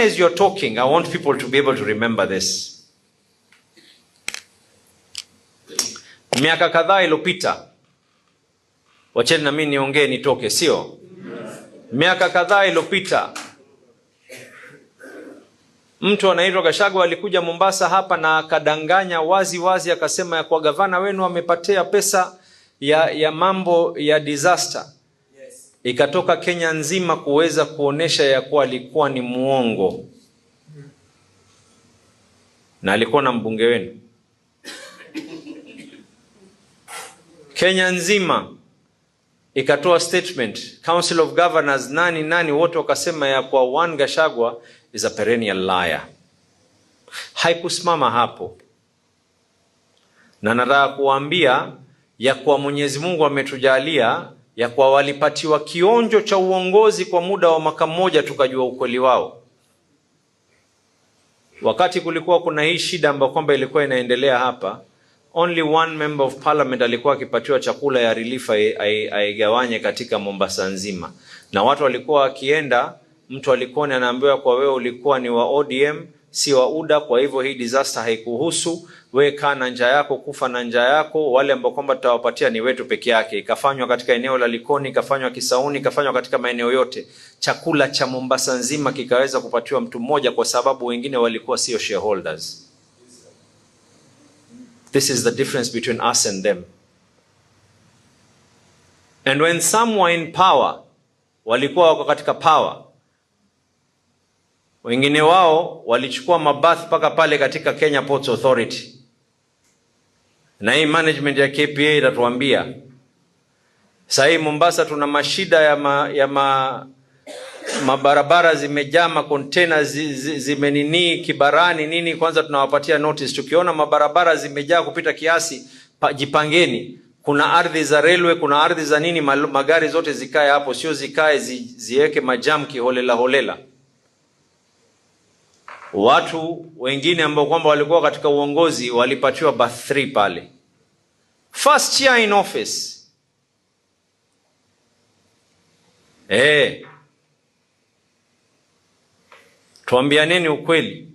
as you're talking, I want people to be able to remember this. Miaka kadhaa iliyopita, wacheni na mimi niongee nitoke, sio? Miaka kadhaa iliyopita mtu anaitwa Gachagua alikuja Mombasa hapa na akadanganya wazi wazi, akasema ya kuwa gavana wenu amepatia pesa ya, ya mambo ya disaster ikatoka Kenya nzima kuweza kuonesha ya kuwa alikuwa ni muongo, na alikuwa na mbunge wenu Kenya nzima ikatoa statement, Council of Governors nani nani wote wakasema ya kuwa One Gashagwa is a perennial liar. Haikusimama hapo, na nataka kuambia ya kuwa Mwenyezi Mungu ametujalia ya kwa walipatiwa kionjo cha uongozi kwa muda wa mwaka mmoja, tukajua ukweli wao, wakati kulikuwa kuna hii shida ambayo kwamba ilikuwa inaendelea hapa. Only one member of parliament alikuwa akipatiwa chakula ya relief aigawanye katika Mombasa nzima, na watu walikuwa wakienda, mtu alikuwa anaambiwa, kwa wewe ulikuwa ni wa ODM si wa UDA. Kwa hivyo hii disaster haikuhusu we, kaa na njaa yako, kufa na njaa yako. Wale ambao kwamba tutawapatia ni wetu peke yake. Ikafanywa katika eneo la Likoni, ikafanywa Kisauni, ikafanywa katika maeneo yote. Chakula cha Mombasa nzima kikaweza kupatiwa mtu mmoja, kwa sababu wengine walikuwa sio shareholders. This is the difference between us and them. And when some were in power, walikuwa wako katika power wengine wao walichukua mabasi mpaka pale katika Kenya Ports Authority, na hii management ya KPA inatuambia saa hii Mombasa tuna mashida ya, ma, ya ma, mabarabara zimejaa makontena zi, zi, zimenini kibarani nini. Kwanza tunawapatia notice, tukiona mabarabara zimejaa kupita kiasi pa, jipangeni kuna ardhi za railway, kuna ardhi za nini, magari zote zikae hapo, sio zikae zi, ziweke majam kiholela holela watu wengine ambao kwamba walikuwa katika uongozi walipatiwa bat3 pale first year in office e, tuambianeni ukweli